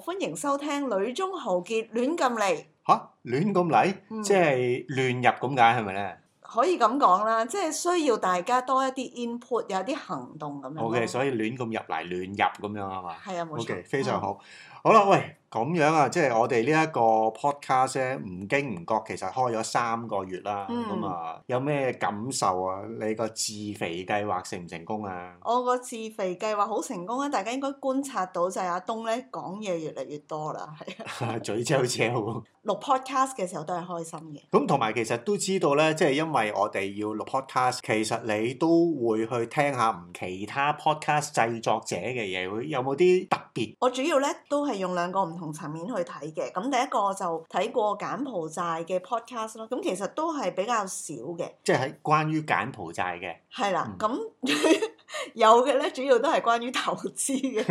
歡迎收聽《呂鍾豪傑、嗯、亂咁嚟》。吓，亂咁嚟，即係亂入咁解係咪咧？可以咁講啦，即係需要大家多一啲 input，有啲行動咁樣。好嘅，所以亂咁入嚟，亂入咁樣係嘛？係啊，冇錯，okay, 非常好。嗯好啦，喂，咁樣啊，即係我哋呢一個 podcast 咧、啊，唔經唔覺，其實開咗三個月啦，咁、嗯、啊，有咩感受啊？你個自肥計劃成唔成功啊？我個自肥計劃好成功啊！大家應該觀察到就係阿東咧講嘢越嚟越多啦，係啊，嘴張張喎。錄 podcast 嘅時候都係開心嘅。咁同埋其實都知道咧，即係因為我哋要錄 podcast，其實你都會去聽下唔其他 podcast 製作者嘅嘢，會有冇啲特別？我主要咧都係。係用兩個唔同層面去睇嘅，咁第一個就睇過柬埔寨嘅 podcast 咯，咁其實都係比較少嘅，即係喺關於柬埔寨嘅，係啦，咁。 有嘅咧，主要都係關於投資嘅，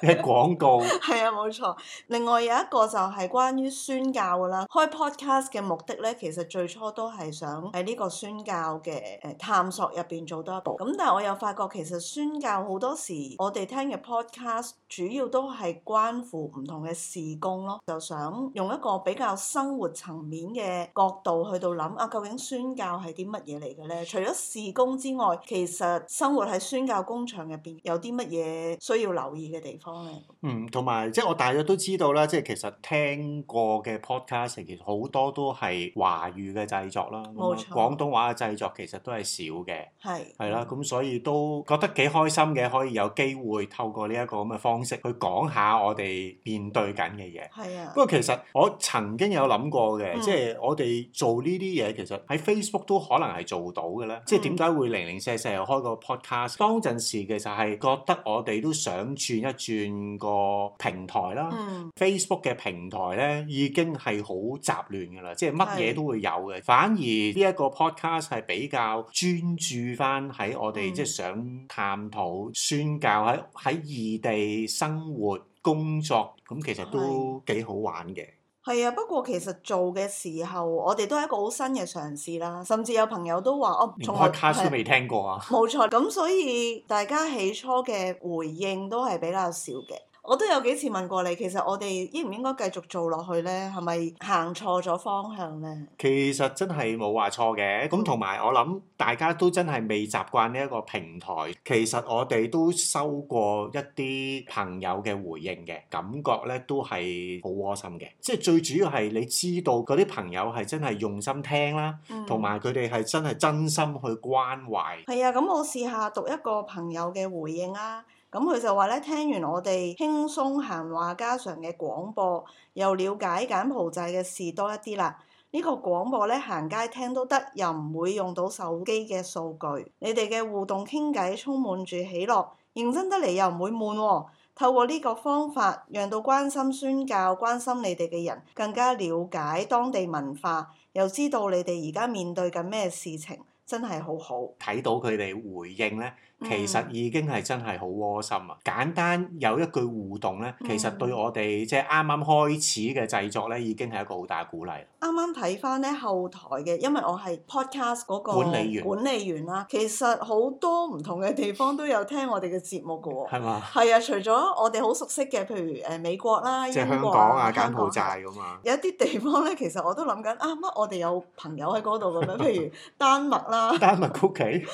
嘅 廣告。係 啊，冇錯。另外有一個就係關於宣教噶啦。開 podcast 嘅目的咧，其實最初都係想喺呢個宣教嘅誒探索入邊做多一步。咁但係我又發覺，其實宣教好多時我哋聽嘅 podcast 主要都係關乎唔同嘅事工咯。就想用一個比較生活層面嘅角度去到諗啊，究竟宣教係啲乜嘢嚟嘅咧？除咗事工之外，其實生活係。宣教工場入邊有啲乜嘢需要留意嘅地方咧？嗯，同埋即係我大約都知道啦，即係其實聽過嘅 podcast 其實好多都係華語嘅製作啦冇錯。嗯，廣東話嘅製作其實都係少嘅，係係啦，咁係嘅。嗯嗯、所以都覺得幾開心嘅，可以有機會透過呢一個咁嘅方式去講下我哋面對緊嘅嘢。係啊，不過其實我曾經有諗過嘅，嗯、即係我哋做呢啲嘢其實喺 Facebook 都可能係做到嘅咧。即係點解會零零四四又開個 podcast？當陣時其實係覺得我哋都想轉一轉個平台啦。Facebook 嘅平台咧已經係好雜亂㗎喇，即係乜嘢都會有嘅。反而呢一個 podcast 係比較專注翻喺我哋、嗯、即係想探討宣教喺喺異地生活工作，咁其實都幾好玩嘅。係啊，不過其實做嘅時候，我哋都係一個好新嘅嘗試啦，甚至有朋友都話哦，從來卡都未聽過啊，冇錯，咁所以大家起初嘅回應都係比較少嘅。我都有幾次問過你，其實我哋應唔應該繼續做落去呢？係咪行錯咗方向呢？其實真係冇話錯嘅，咁同埋我諗大家都真係未習慣呢一個平台。其實我哋都收過一啲朋友嘅回應嘅感覺呢，都係好窩心嘅。即係最主要係你知道嗰啲朋友係真係用心聽啦，同埋佢哋係真係真心去關懷。係啊，咁我試下讀一個朋友嘅回應啊。咁佢、嗯、就話咧，聽完我哋輕鬆閒話家常嘅廣播，又了解柬埔寨嘅事多一啲啦。呢、呢個廣播咧，行街聽都得，又唔會用到手機嘅數據。你哋嘅互動傾偈充滿住喜樂，認真得嚟又唔會悶、哦。透過呢個方法，讓到關心宣教、關心你哋嘅人更加了解當地文化，又知道你哋而家面對緊咩事情，真係好好。睇到佢哋回應咧。其實已經係真係好窩心啊！簡單有一句互動呢，其實對我哋即係啱啱開始嘅製作呢，已經係一個好大嘅鼓勵。啱啱睇翻呢後台嘅，因為我係 podcast 嗰個管理員管理員啦，其實好多唔同嘅地方都有聽我哋嘅節目嘅喎。係嘛 嗎？係啊，除咗我哋好熟悉嘅，譬如誒、呃、美國啦、即係香港啊、柬國、啊、埔寨咁嘛、啊。有一啲地方呢，其實我都諗緊啊乜？我哋有朋友喺嗰度嘅咩？ 譬如丹麥啦， 丹麥曲奇？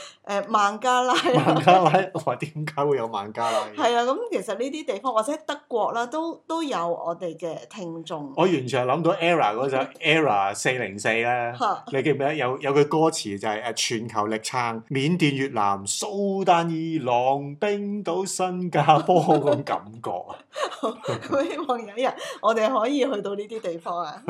孟加拉。 我喺我話點解會有萬家樂？係啊，咁其實呢啲地方或者德國啦，都都有我哋嘅聽眾。我完全係諗到 Era 嗰首 Era 四零四咧，你記唔記得？有有句歌詞就係誒，全球力撐，緬甸、越南、蘇丹、伊朗、冰島、新加坡咁感覺啊！我希望有一日我哋可以去到呢啲地方啊！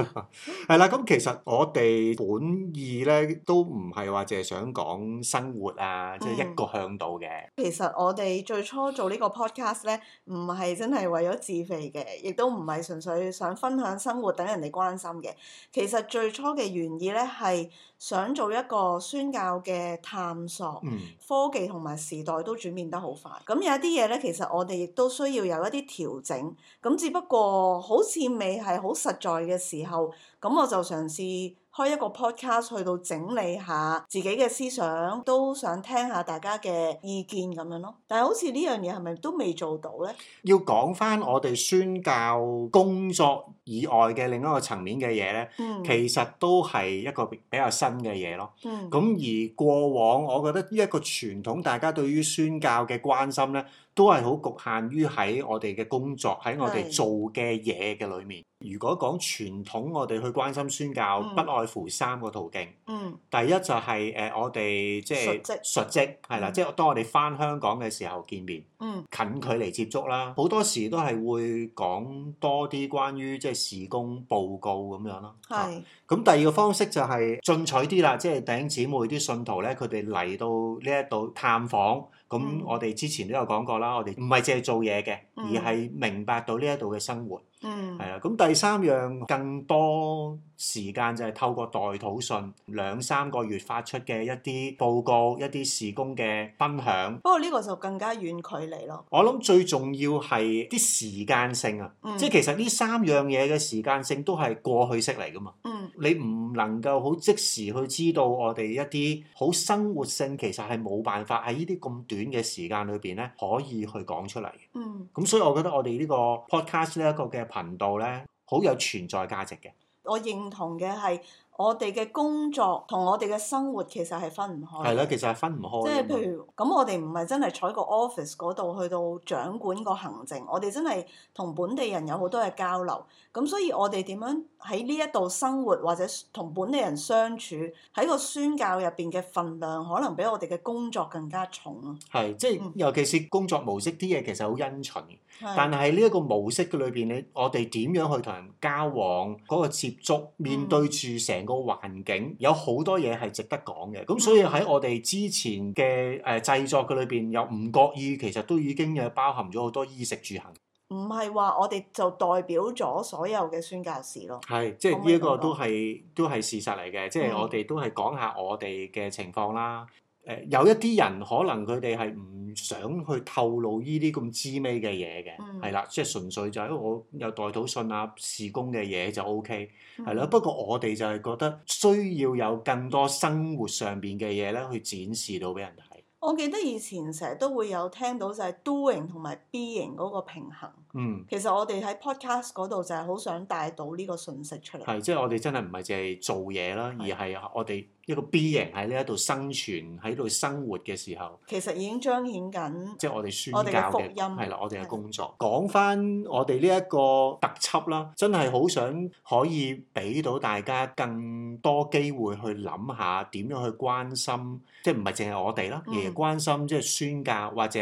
係啦，咁其實我哋本意咧都唔係話淨係想講生活啊，即係一個向度。 其實我哋最初做呢個 podcast 咧，唔係真係為咗自肥嘅，亦都唔係純粹想分享生活等人哋關心嘅。其實最初嘅原意咧，係想做一個宣教嘅探索。科技同埋時代都轉變得好快，咁有一啲嘢咧，其實我哋亦都需要有一啲調整。咁只不過好似未係好實在嘅時候，咁我就嘗試。開一個 podcast 去到整理下自己嘅思想，都想聽下大家嘅意見咁樣咯。但係好似呢樣嘢係咪都未做到咧？要講翻我哋宣教工作以外嘅另一個層面嘅嘢咧，嗯、其實都係一個比較新嘅嘢咯。咁、嗯、而過往，我覺得呢一個傳統，大家對於宣教嘅關心咧。都係好局限於喺我哋嘅工作，喺我哋做嘅嘢嘅裏面。是如果講傳統，我哋去關心宣教、嗯、不外乎三個途徑。嗯，第一就係、是、誒、呃、我哋即係述職，述職係啦，嗯、即係當我哋翻香港嘅時候見面。嗯，近距離接觸啦，好多時都係會講多啲關於即係事工報告咁樣啦。係。咁，啊，第二個方式就係進取啲啦，即係弟兄姊妹啲信徒咧，佢哋嚟到呢一度探訪。咁我哋之前都有講過啦，我哋唔係淨係做嘢嘅，而係明白到呢一度嘅生活。嗯，係啊、嗯，咁第三樣更多時間就係透過代土信兩三個月發出嘅一啲報告、一啲事工嘅分享。不過呢個就更加遠距離咯。我諗最重要係啲時間性啊，1 嗯、即係其實呢三樣嘢嘅時間性都係過去式嚟噶嘛。嗯，你唔能夠好即時去知道我哋一啲好生活性，其實係冇辦法喺呢啲咁短嘅時間裏邊咧，可以去講出嚟。嗯，咁所以我覺得我哋呢個 podcast 呢一個嘅。頻道咧，好有存在價值嘅。我認同嘅係，我哋嘅工作同我哋嘅生活其實係分唔開。係啦，其實係分唔開。即係譬如，咁我哋唔係真係坐喺個 office 嗰度去到掌管個行政，我哋真係同本地人有好多嘅交流。咁所以，我哋點樣喺呢一度生活或者同本地人相處，喺個宣教入邊嘅份量，可能比我哋嘅工作更加重。係，即係尤其是工作模式啲嘢，其實好殷循。但係呢一個模式嘅裏邊，你我哋點樣去同人交往、嗰、嗰個接觸、面對住成個環境，嗯、有好多嘢係值得講嘅。咁所以喺我哋之前嘅誒製作嘅裏邊，嗯、又唔覺意其實都已經誒包含咗好多衣食住行。唔係話我哋就代表咗所有嘅宣教士咯。係的，即係呢一個都係都係事實嚟嘅。即、就、係、是、我哋都係講下我哋嘅情況啦。嗯誒、呃、有一啲人可能佢哋係唔想去透露呢啲咁滋味嘅嘢嘅，係啦、嗯，即係純粹就係我有代禱信啊事工嘅嘢就 O K，係啦。嗯、不過我哋就係覺得需要有更多生活上邊嘅嘢咧去展示到俾人睇。我記得以前成日都會有聽到就係 doing 同埋 being 嗰個平衡。嗯，其實我哋喺 podcast 嗰度就係好想帶到呢個信息出嚟。係，即係我哋真係唔係淨係做嘢啦，而係我哋。一個 B 型喺呢一度生存喺度生活嘅時候，其實已經彰顯緊，即係我哋宣教嘅福音，係啦，我哋嘅工作。講返我哋呢一個特輯啦，真係好想可以俾到大家更多機會去諗下點樣去關心，即係唔係淨係我哋啦，而係關心、嗯、即係宣教或者。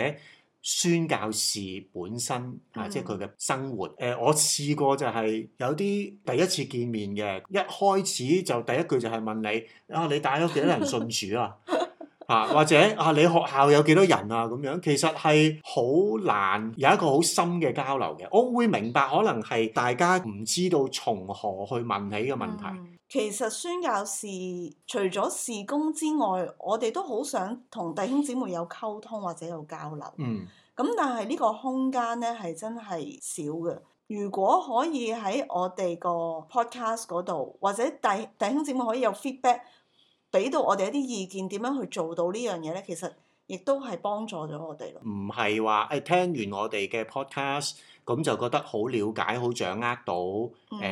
宣教士本身啊，即係佢嘅生活。誒、呃，我試過就係有啲第一次見面嘅，一開始就第一句就係問你啊，你帶咗幾多人信主啊？啊，或者啊，你學校有幾多人啊？咁樣其實係好難有一個好深嘅交流嘅。我會明白可能係大家唔知道從何去問起嘅問題。嗯。其實宣教士除咗事工之外，我哋都好想同弟兄姊妹有溝通或者有交流。嗯，咁但係呢個空間咧係真係少嘅。如果可以喺我哋個 podcast 度，或者弟弟兄姊妹可以有 feedback，俾到我哋一啲意見，點樣去做到呢樣嘢咧？其實亦都係幫助咗我哋咯。唔係話誒，聽完我哋嘅 podcast。咁、 嗯、就覺得好了解、好掌握到誒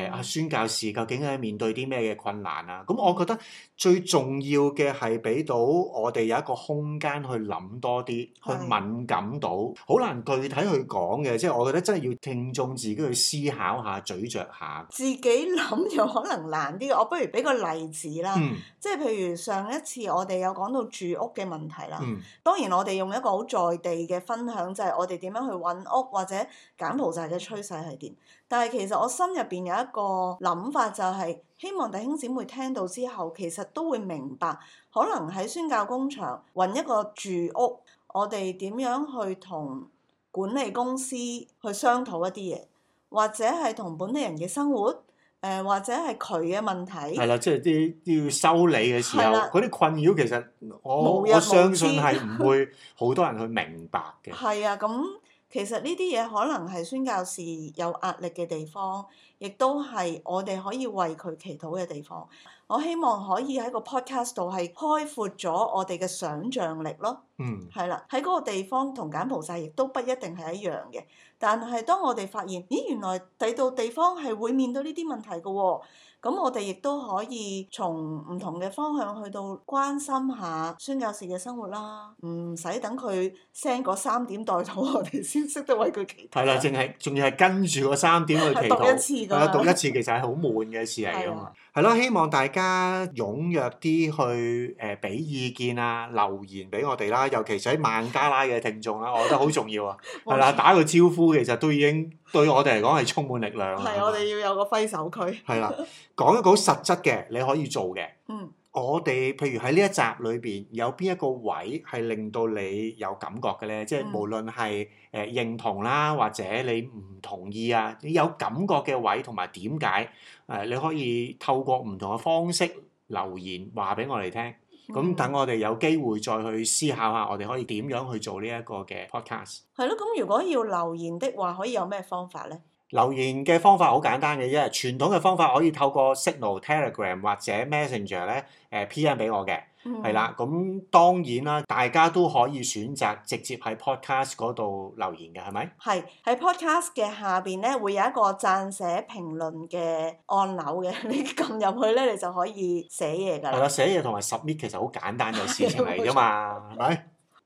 阿、呃、宣教士究竟係面對啲咩嘅困難啊？咁、嗯嗯、我覺得最重要嘅係俾到我哋有一個空間去諗多啲，去敏感到，好難具體去講嘅。即係我覺得真係要聽眾自己去思考下、咀嚼下。自己諗又可能難啲，我不如俾個例子啦。嗯、即係譬如上一次我哋有講到住屋嘅問題啦。嗯嗯、當然我哋用一個好在地嘅分享，就係、是、我哋點樣去揾屋或者揀，暴嘅趨勢係點？但係其實我心入邊有一個諗法，就係希望弟兄姊妹聽到之後，其實都會明白，可能喺宣教工場揾一個住屋，我哋點樣去同管理公司去商討一啲嘢，或者係同本地人嘅生活，誒、呃，或者係佢嘅問題，係啦，即係啲要修理嘅時候，嗰啲的困擾，其實我沒沒我相信係唔會好多人去明白嘅。係啊，咁、嗯。其實呢啲嘢可能係宣教士有壓力嘅地方，亦都係我哋可以為佢祈禱嘅地方。我希望可以喺個 podcast 度係開闊咗我哋嘅想像力咯。嗯，係啦，喺嗰個地方同柬埔寨亦都不一定係一樣嘅。但係當我哋發現，咦，原來第度地方係會面對呢啲問題嘅喎。咁我哋亦都可以從唔同嘅方向去到關心下孫教士嘅生活啦，唔使等佢 send 嗰三點代禱，我哋先識得為佢祈禱。係啦，淨係仲要係跟住嗰三點去祈禱。讀一次㗎嘛，讀一次其實係好悶嘅事嚟㗎嘛。係咯 的，希望大家踴躍啲去誒俾、呃、意見啊、留言俾我哋啦、啊，尤其係喺孟加拉嘅聽眾啦、啊， 我覺得好重要啊。係啦，打個招呼其實都已經。對我哋嚟講係充滿力量，係對吧，我哋要有個揮手區。係 啦，講一個好實質嘅，你可以做嘅。嗯，我哋譬如喺呢一集裏邊有邊一個位係令到你有感覺嘅咧？即係無論係誒認同啦，或者你唔同意啊，你有感覺嘅位同埋點解誒？你可以透過唔同嘅方式留言話俾我哋聽。咁等、嗯、我哋有機會再去思考下，我哋可以點樣去做呢一個嘅 podcast。係咯，咁、嗯、如果要留言的話，可以有咩方法咧？留言嘅方法好簡單嘅啫，傳統嘅方法可以透過 Signal、Telegram 或者 Messenger 咧、呃，誒 PM 俾我嘅，係啦、嗯，咁當然啦，大家都可以選擇直接喺 Podcast 嗰度留言嘅，係咪？係喺 Podcast 嘅下邊咧，會有一個撰寫評論嘅按鈕嘅，你撳入去咧，你就可以寫嘢㗎啦。係啦，寫嘢同埋 submit 其實好簡單嘅事情嚟㗎嘛，係。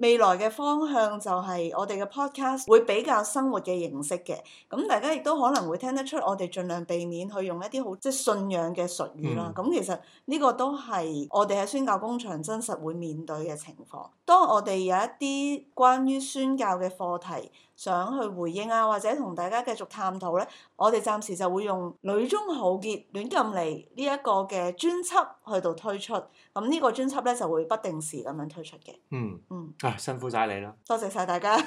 未來嘅方向就係我哋嘅 podcast 會比較生活嘅形式嘅，咁大家亦都可能會聽得出我哋盡量避免去用一啲好即係信仰嘅術語啦。咁、嗯嗯、其實呢個都係我哋喺宣教工場真實會面對嘅情況。當我哋有一啲關於宣教嘅課題，想去回應啊，或者同大家繼續探討咧，我哋暫時就會用《女中豪傑亂咁嚟》呢一個嘅專輯去到推出，咁呢個專輯咧就會不定時咁樣推出嘅。嗯嗯，辛苦曬你啦！多謝曬大家。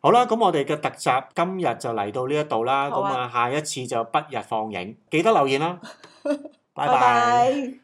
好啦，咁我哋嘅特集今日就嚟到呢一度啦，咁啊下一次就不日放映，記得留言啦，拜拜。